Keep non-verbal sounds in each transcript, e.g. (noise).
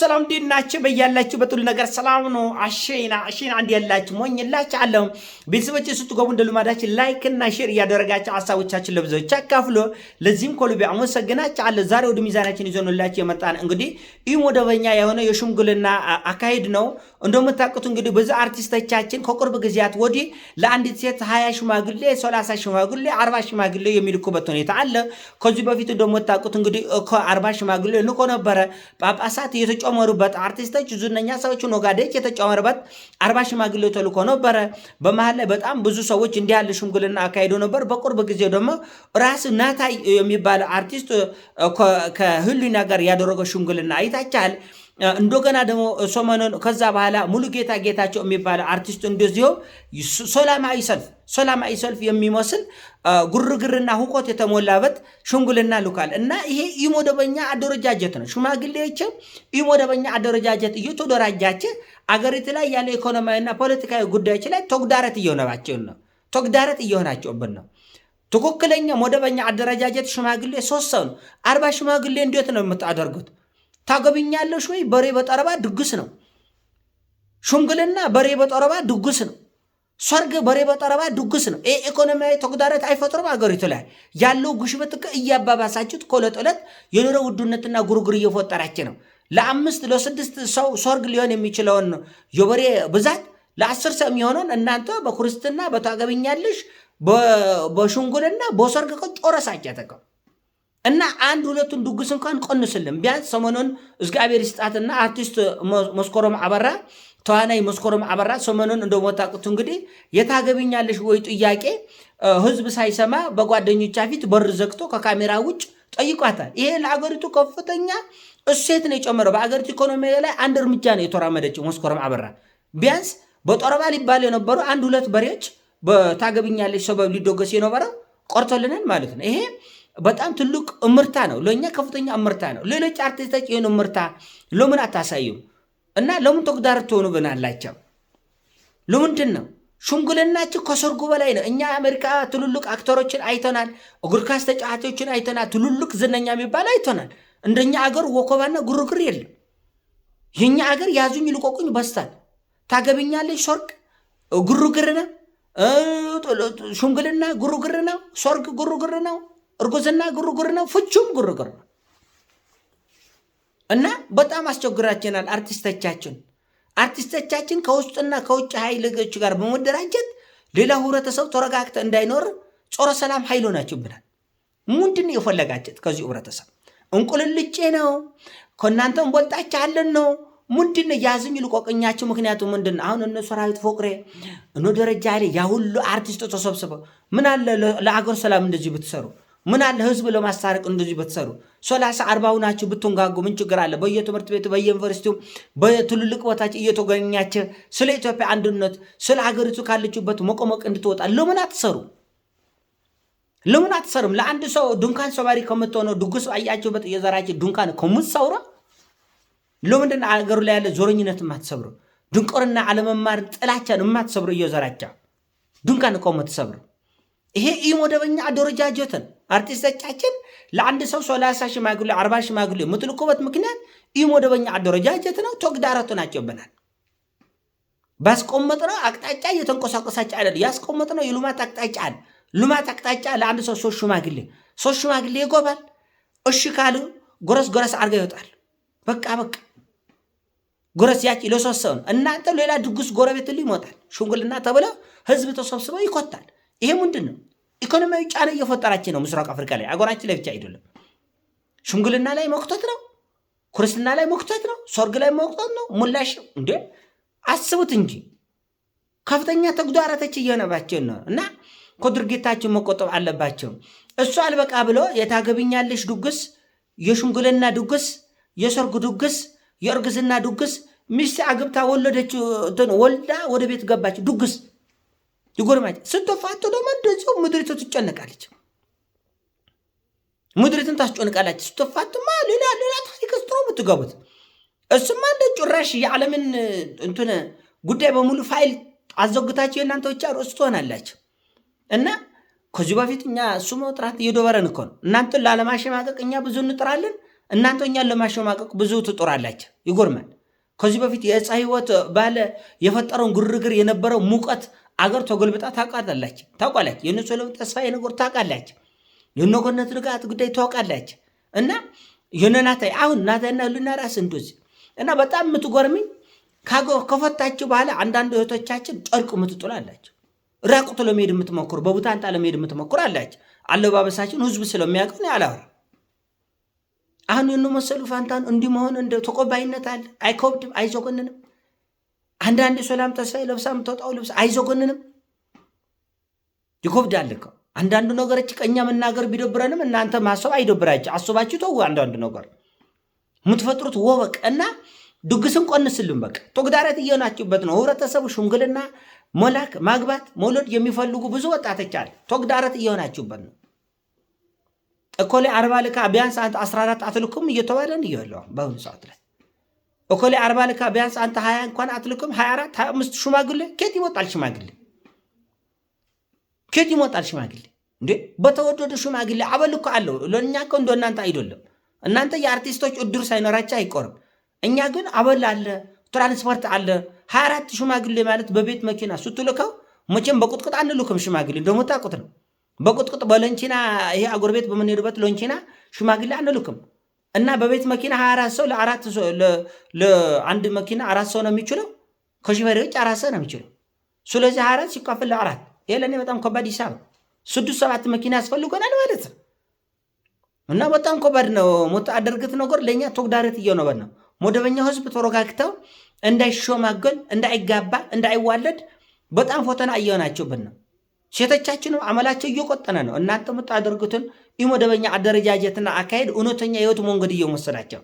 ሰላም እንዴት ናችሁ? በያላችሁ በጥሉ ነገር ሰላም ነው። አሸና አሸና አንድ ያላችሁ ሞኝላችሁ አለው ቤተሰቦች ስትገቡ እንደ ልማዳችሁ ላይክ እና ሼር እያደረጋችሁ ሀሳቦቻችን ለብዙዎች አካፍሎ ለዚህም ከልቤ አመሰግናችሁ አለ። ዛሬ ወደ ሚዛናችን ይዘንላችሁ የመጣን እንግዲህ ይህ መደበኛ የሆነ የሽምግልና አካሄድ ነው። እንደምታውቁት እንግዲህ ብዙ አርቲስቶቻችን ከቅርብ ጊዜያት ወዲህ ለአንዲት ሴት ሀያ ሽማግሌ፣ ሰላሳ ሽማግሌ፣ አርባ ሽማግሌ የሚልኩበት ሁኔታ አለ። ከዚህ በፊት እንደምታውቁት እንግዲህ አርባ ሽማግሌ ልኮ ነበረ። ጳጳሳት የተጨመሩበት፣ አርቲስቶች፣ ዝነኛ ሰዎች፣ ኖጋዴች የተጨመሩበት አርባ ሽማግሌ ተልኮ ነበረ። በመሀል ላይ በጣም ብዙ ሰዎች እንዲህ ያለ ሽምግልና አካሄዱ ነበር። በቅርብ ጊዜ ደግሞ ራስ ናታይ የሚባለ አርቲስት ከህሊና ጋር ያደረገው ሽምግልና አይታችኋል። እንደገና ደግሞ ሰሞኑን ከዛ በኋላ ሙሉ ጌታ ጌታቸው የሚባለ አርቲስት እንደዚሁ ሰላማዊ ሰልፍ ሰላማዊ ሰልፍ የሚመስል ጉርግርና ሁቆት የተሞላበት ሽንጉልና ልኳል እና ይሄ ኢመደበኛ አደረጃጀት ነው። ሽማግሌዎችም ኢመደበኛ አደረጃጀት እየተደራጃቸ አገሪቱ ላይ ያለ ኢኮኖሚያዊና ፖለቲካዊ ጉዳዮች ላይ ተግዳሮት እየሆነባቸው ነው። ተግዳሮት እየሆናቸውብን ነው። ትክክለኛ መደበኛ አደረጃጀት ሽማግሌ ሶስት ሰው ነው። አርባ ሽማግሌ እንዴት ነው የምታደርጉት? ታገብኛለሽ ወይ? በሬ በጠረባ ድግስ ነው። ሽምግልና በሬ በጠረባ ድግስ ነው። ሰርግ በሬ በጠረባ ድግስ ነው። ይህ ኢኮኖሚያዊ ተግዳሮት አይፈጥሩም? አገሪቱ ላይ ያለው ግሽበት እያባባሳችሁት ከዕለት ዕለት የኑሮ ውድነትና ጉርጉር እየፈጠራች ነው። ለአምስት ለስድስት ሰው ሰርግ ሊሆን የሚችለውን የበሬ ብዛት ለአስር ሰው የሚሆነውን እናንተ በክርስትና በታገብኛለሽ በሽምግልና በሰርግ ቀን ጮረሳች እና አንድ ሁለቱን ድግስ እንኳን ቀንስልም ቢያንስ ሰሞኑን እግዚአብሔር ይስጣትና አርቲስት መስኮሮም አበራ ተዋናይ መስኮሮም አበራ ሰሞኑን እንደሞታቁት እንግዲህ የታገቢኛለሽ ወይ ጥያቄ ህዝብ ሳይሰማ በጓደኞቿ ፊት በር ዘግቶ ከካሜራ ውጭ ጠይቋታል። ይሄ ለአገሪቱ ከፍተኛ እሴት ነው የጨመረው። በአገሪቱ ኢኮኖሚ ላይ አንድ እርምጃ ነው የተራመደችው መስኮሮም አበራ። ቢያንስ በጦረባ ሊባል የነበሩ አንድ ሁለት በሬዎች በታገቢኛለሽ ሰበብ ሊደገስ የነበረው ቆርቶልናል ማለት ነው ይሄ በጣም ትልቅ እምርታ ነው፣ ለእኛ ከፍተኛ እምርታ ነው። ሌሎች አርቲስቶች ይህን እምርታ ለምን አታሳዩም? እና ለምን ብን አላቸው። ለምንድን ነው ሽምግልናችን ከሰርጉ በላይ ነው። እኛ አሜሪካ ትልልቅ አክተሮችን አይተናል፣ እግር ኳስ ተጫዋቾችን አይተናል፣ ትልልቅ ዝነኛ የሚባል አይተናል። እንደኛ አገር ወከባና ግርግር የለም። የኛ አገር ያዙኝ ልቆቁኝ በስታል። ታገብኛለች ሰርግ ግርግር ነው፣ ሽምግልና ግርግር ነው፣ ሰርግ ግርግር ነው። እርጉዝና ግርግር ነው፣ ፍቹም ግርግር ነው እና በጣም አስቸግራችናል አርቲስቶቻችን። አርቲስቶቻችን ከውስጥና ከውጭ ኃይሎች ጋር በመደራጀት ሌላ ህብረተሰብ ተረጋግተ እንዳይኖር ጾረ ሰላም ኃይሎ ናቸው ብላል። ምንድን ነው ከዚህ ህብረተሰብ? እንቁልልጬ ነው ከእናንተም በልጣችኋለን ነው ምንድን ያዝኝ ልቆቅኛቸው? ምክንያቱ ምንድን አሁን እነ ሰራዊት ፎቅሬ እነ ደረጃ ላይ ያ ሁሉ አርቲስት ተሰብስበው ምን አለ ለአገር ሰላም እንደዚህ ብትሰሩ ምን አለ ህዝብ ለማስታረቅ እንደዚህ በተሰሩ ሰላሳ አርባው ናቸው ብትንጋጉ ምን ችግር አለ? በየትምህርት ቤቱ በየዩኒቨርሲቲው በትልልቅ ቦታች እየተገኛቸ ስለ ኢትዮጵያ አንድነት ስለ ሀገሪቱ ካለችበት መቆመቅ እንድትወጣ ለምን አትሰሩ? ለምን አትሰሩም? ለአንድ ሰው ድንኳን ሰባሪ ከምትሆነው ድጉስ ባያችሁበት እየዘራችሁ ድንኳን ከምትሰውረ ለምንድን አገሩ ላይ ያለ ዞረኝነት የማትሰብሩ ድንቁርና፣ አለመማር፣ ጥላቻን የማትሰብሩ እየዘራቻ ድንኳን ከምትሰብሩ ይሄ ኢመደበኛ አደረጃጀትን አርቲስቶቻችን ለአንድ ሰው ሰላሳ ሽማግሌ አርባ ሽማግሌ የምትልኩበት ምክንያት ይህ መደበኛ አደረጃጀት ነው፣ ተግዳሮት ናቸው ብናል። ባስቆመጥነው አቅጣጫ እየተንቆሳቆሳች አይደል? ያስቆመጥነው የልማት አቅጣጫ አለ። ልማት አቅጣጫ ለአንድ ሰው ሶስት ሽማግሌ ሶስት ሽማግሌ ይጎባል። እሺ ካሉ ጎረስ ጎረስ አድርጋ ይወጣል። በቃ በቃ ጎረስ ያጭ ለሶስት ሰው ነው። እናንተ ሌላ ድግስ ጎረቤት ይሞታል። ሽምግልና ተብለው ህዝብ ተሰብስበው ይኮታል። ይሄ ምንድን ነው? ኢኮኖሚያዊ ጫና እየፈጠራችን ነው። ምስራቅ አፍሪካ ላይ አገራችን ላይ ብቻ አይደለም። ሽምግልና ላይ መክተት ነው፣ ክርስትና ላይ መክተት ነው፣ ሰርግ ላይ መክተት ነው። ሙላሽ እንዴ አስቡት እንጂ ከፍተኛ ተግዳሮቶች እየሆነባቸው ነው እና ከድርጊታቸው መቆጠብ አለባቸው። እሱ አልበቃ ብሎ የታገብኛለሽ ድግስ፣ የሽምግልና ድግስ፣ የሰርግ ድግስ፣ የእርግዝና ድግስ፣ ሚስት አግብታ ወለደች፣ ወልዳ ወደ ቤት ገባች ድግስ ይጎርማጭ ስትፋተው ደግሞ እንደዚሁ ምድሪቱ ትጨነቃለች። ምድሪትን ታስጨንቃላች። ስትፋትማ ሌላ ሌላ ታሪክ ውስጥ ነው የምትገቡት። እሱማ እንደ ጭራሽ የዓለምን እንትነ ጉዳይ በሙሉ ፋይል አዘግታቸው የእናንተ ብቻ ርዕስ ትሆናላችሁ። እና ከዚህ በፊት እኛ እሱ መጥራት እየዶበረን እኮ ነው። እናንተን ላለማሸማቀቅ እኛ ብዙ እንጥራለን። እናንተ እኛን ለማሸማቀቅ ብዙ ትጥራላችሁ። ይጎርማል። ከዚህ በፊት የዕፀ ህይወት ባለ የፈጠረውን ግርግር የነበረው ሙቀት አገር ተጎልብጣ ታውቃላች ታውቃላች። የእነ ለም ተስፋ የነገር ታውቃላች። የእነ ንጋት ጉዳይ ታውቃላች። እና የእነ ናታይ አሁን ናታይና ህሊና ራስ እንደዚህ እና በጣም የምትጎርምኝ ከፈታችሁ በኋላ አንዳንድ እህቶቻችን ጨርቅ የምትጥሉ አላቸው። ራቁት ለመሄድ የምትሞክሩ በቡታንታ ለመሄድ የምትሞክሩ አላቸው። አለባበሳችን ህዝብ ስለሚያውቀው ነው አሁን መሰሉ ፋንታን እንዲህ መሆን እንደ ተቆባይነት አለ። አይከብድም፣ አይዘጎንንም። አንዳንድ ሰላም ተስፋ ለብሳ የምትወጣው ልብስ አይዘጎንንም። ይከብዳል እኮ አንዳንዱ ነገሮች ቀኛ መናገር ቢደብረንም እናንተ ማሰብ አይደብራችሁ። አስባችሁ ተው። አንዳንዱ ነገር የምትፈጥሩት ወበቅ እና ድግስን ቆንስልም በቃ ተግዳሮት እየሆናችሁበት ነው ህብረተሰቡ። ሽምግልና፣ መላክ፣ ማግባት፣ መውለድ የሚፈልጉ ብዙ ወጣቶች አለ። ቶግዳረት እየሆናችሁበት ነው። እኮሌ አርባ ልካ ቢያንስ አንተ 14 አትልኩም እየተባለን እየበለው በአሁኑ ሰዓት ላይ እኮሌ አርባ ልካ ቢያንስ አንተ 20 እንኳን አትልኩም 24 25 ሽማግሌ ኬት ይሞጣል? ሽማግሌ ኬት ይሞጣል? ሽማግሌ እንዴ በተወደዱ ሽማግሌ አበል እኮ አለው። ለእኛ እኮ እንደ እናንተ አይደለም። እናንተ የአርቲስቶች እድር ሳይኖራቸው አይቆርም። እኛ ግን አበል አለ፣ ትራንስፖርት አለ። 24 ሽማግሌ ማለት በቤት መኪና ስትልከው መቼም በቁጥቁጥ አንልኩም። ሽማግሌ እንደሞታ ቁጥ ነው በቁጥቁጥ በሎንቺና ይሄ አጎር ቤት በምንሄዱበት ሎንቺና ሽማግሌ አንልክም እና በቤት መኪና ሀያ ሰው ለአራት ለአንድ መኪና አራት ሰው ነው የሚችለው። ከሹፌር ውጭ አራት ሰው ነው የሚችለው። ስለዚህ ሀያ አራት ሲካፈል ለአራት ይሄ ለእኔ በጣም ከባድ ሂሳብ ስድስት ሰባት መኪና ያስፈልገናል ማለት ነው እና በጣም ከባድ ነው። ሞት አደርግት ነገር ለእኛ ተግዳሮት እየሆነበት ነው። መደበኛ ህዝብ ተረጋግተው እንዳይሸማገል፣ እንዳይጋባ፣ እንዳይዋለድ በጣም ፈተና እየሆናቸውብን ነው። ሴቶቻችንም አመላቸው እየቆጠነ ነው። እናንተ የምታደርጉትን ኢመደበኛ አደረጃጀትና አካሄድ እውነተኛ የህይወት መንገድ እየወሰዳቸው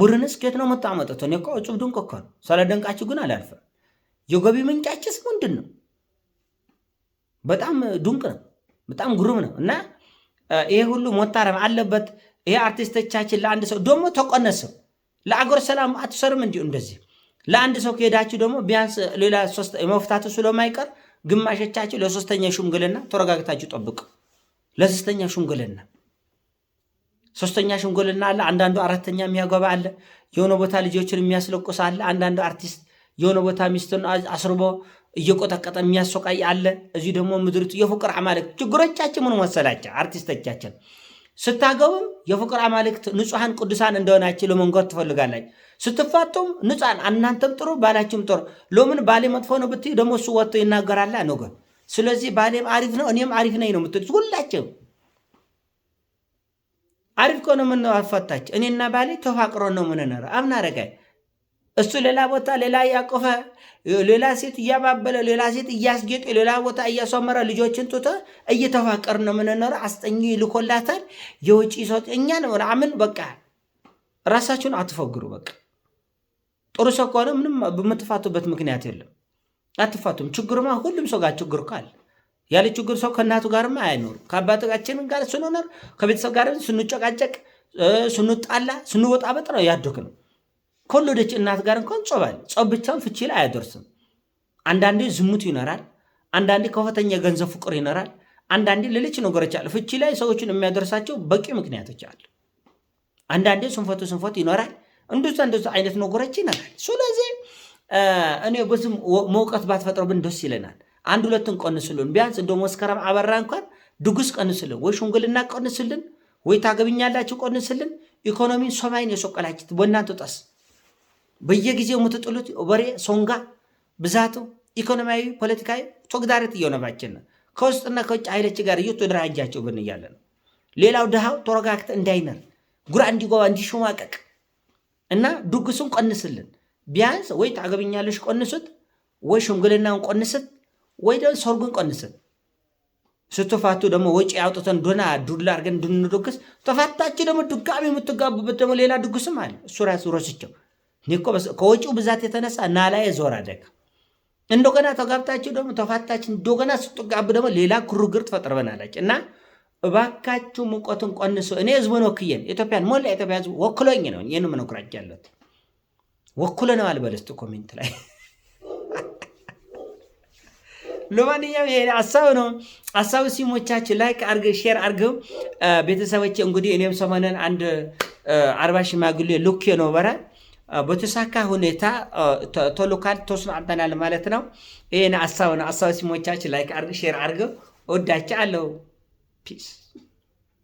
ቡድንስ ከየት ነው የምታመጡት? እኔ እኮ እጹብ ድንቅ እኮ ነው። ስለደንቃችሁ ግን አላልፍም። የገቢ ምንጫችስ ምንድን ነው? በጣም ድንቅ ነው። በጣም ግሩም ነው። እና ይሄ ሁሉ መታረም አለበት። ይሄ አርቲስቶቻችን ለአንድ ሰው ደግሞ ተቆነሰው ለአገር ሰላም አትሰርም እንዲሁ እንደዚህ ለአንድ ሰው ከሄዳችሁ ደግሞ ቢያንስ ሌላ ሶስት ስለማይቀር ግማሾቻችሁ ለሶስተኛ ሽምግልና ተረጋግታችሁ ጠብቅ። ለሶስተኛ ሽምግልና ሶስተኛ ሽምግልና አለ። አንዳንዱ አራተኛ የሚያገባ አለ። የሆነ ቦታ ልጆችን የሚያስለቁስ አለ። አንዳንዱ አርቲስት የሆነ ቦታ ሚስትን አስርቦ እየቆጠቀጠ የሚያሰቃይ አለ። እዚህ ደግሞ ምድሪቱ የፍቅር አማልክት ችግሮቻችን ምን መሰላቸው? አርቲስቶቻችን ስታገቡም የፍቅር አማልክት ንጹሐን ቅዱሳን እንደሆናችሁ ለመንገር ትፈልጋላችሁ። ስትፋቱም ንጹሐን እናንተም ጥሩ፣ ባላችሁም ጥሩ። ሎምን ባሌ መጥፎ ነው ብትይ ደግሞ እሱ ወጥቶ ይናገራላ ነገ። ስለዚህ ባሌም አሪፍ ነው እኔም አሪፍ ነኝ ነው የምትሉት ሁላቸው። አሪፍ ከሆነ ምን አፈታች እኔና ባሌ ተፋቅሮ ነው ምንነረ አብናረጋይ እሱ ሌላ ቦታ ሌላ እያቆፈ ሌላ ሴት እያባበለ ሌላ ሴት እያስጌጠ ሌላ ቦታ እያሰመረ ልጆችን ጡተ እየተፋቀር ነው የምንኖረ። አስጠኝ ይልኮላታል የውጭ ሰው ነው ምናምን በቃ ራሳችሁን አትፈግሩ በቃ ጥሩ ሰው ከሆነ ምንም በምትፋቱበት ምክንያት የለም። አትፋቱም። ችግርማ ሁሉም ሰው ጋር ችግር ካል ያለ ችግር ሰው ከእናቱ ጋርማ አይኖርም። ከአባቶቻችን ጋር ስንኖር ከቤተሰብ ጋር ስንጨቃጨቅ ስንጣላ በጥ ነው ያደግ ነው ከወለደች እናት ጋር እንኳን ጾባል። ጾብ ብቻውን ፍቺ ላይ አያደርስም። አንዳንዴ ዝሙት ይኖራል። አንዳንዴ ከፍተኛ ገንዘብ ፍቅር ይኖራል። አንዳንዴ ሌሎች ነገሮች አሉ። ፍቺ ላይ ሰዎችን የሚያደርሳቸው በቂ ምክንያቶች አሉ። አንዳንዴ ስንፈቱ ስንፈት ይኖራል። እንደዛ እንደዛ አይነት ነገሮች ይኖራል። ስለዚህ እኔ በዚህ መውቀት ባትፈጥረብን ደስ ይለናል። አንድ ሁለትን ቀንስልን፣ ቢያንስ እንደ መስከረም አበራ እንኳን ድጉስ ቀንስልን፣ ወይ ሽምግልና ቀንስልን፣ ወይ ታገብኛላችሁ ቀንስልን። ኢኮኖሚን ሰማይን የሶቀላችት በእናንተ ጠስ በየጊዜው የምትጥሉት ወሬ ሶንጋ ብዛቱ ኢኮኖሚያዊ፣ ፖለቲካዊ ተግዳሮት እየሆነባችን ነው። ከውስጥና ከውጭ ኃይሎች ጋር እየተደራጃቸው ብን እያለ ነው። ሌላው ድሃው ተረጋግተ እንዳይነር ጉራ እንዲጓባ እንዲሸማቀቅ እና ድግሱን ቆንስልን ቢያንስ ወይ ታገብኛለሽ ቆንሱት፣ ወይ ሽምግልናውን ቆንስት፣ ወይ ደግሞ ሰርጉን ቆንስት። ስትፋቱ ደግሞ ወጪ አውጥተን ዶና ዱላ አድርገን እንድንድግስ ተፋታችሁ ደግሞ ድጋሚ የምትጋቡበት ደግሞ ሌላ ድግስም አለ። እሱ ራሱ ረስቸው እኮ ከወጪው ብዛት የተነሳ ላይ ዞር አደግ እንደገና ተጋብታችሁ ደግሞ ተፋታችሁ እንደገና ስትጋቡ ደግሞ ሌላ ግርግር ትፈጥርበናለች እና እባካችሁ ሙቀቱን ቀንሱ። እኔ ህዝቡን ወክዬን ኢትዮጵያን ሞላ ኢትዮጵያ ህዝቡ ወክሎኝ ነው ይህን መነኩራጅ ያለት ወክሎ ነው አልበለስቱ ኮሜንት ላይ (laughs) ለማንኛውም ይሄ ሀሳብ ነው። ሀሳቡ ሲሞቻችን ላይክ አርግ፣ ሼር አርገው ቤተሰቦች። እንግዲህ እኔም ሰሞኑን አንድ አርባ ሽማግሌ ልኬ ነው በራ በተሳካ ሁኔታ ቶሎ ካል ተስማምተናል ማለት ነው። ይህን አሳብ ነው። አሳብ ሲሞቻችን ላይክ አርግ፣ ሼር አርግ። ወዳች አለው ፒስ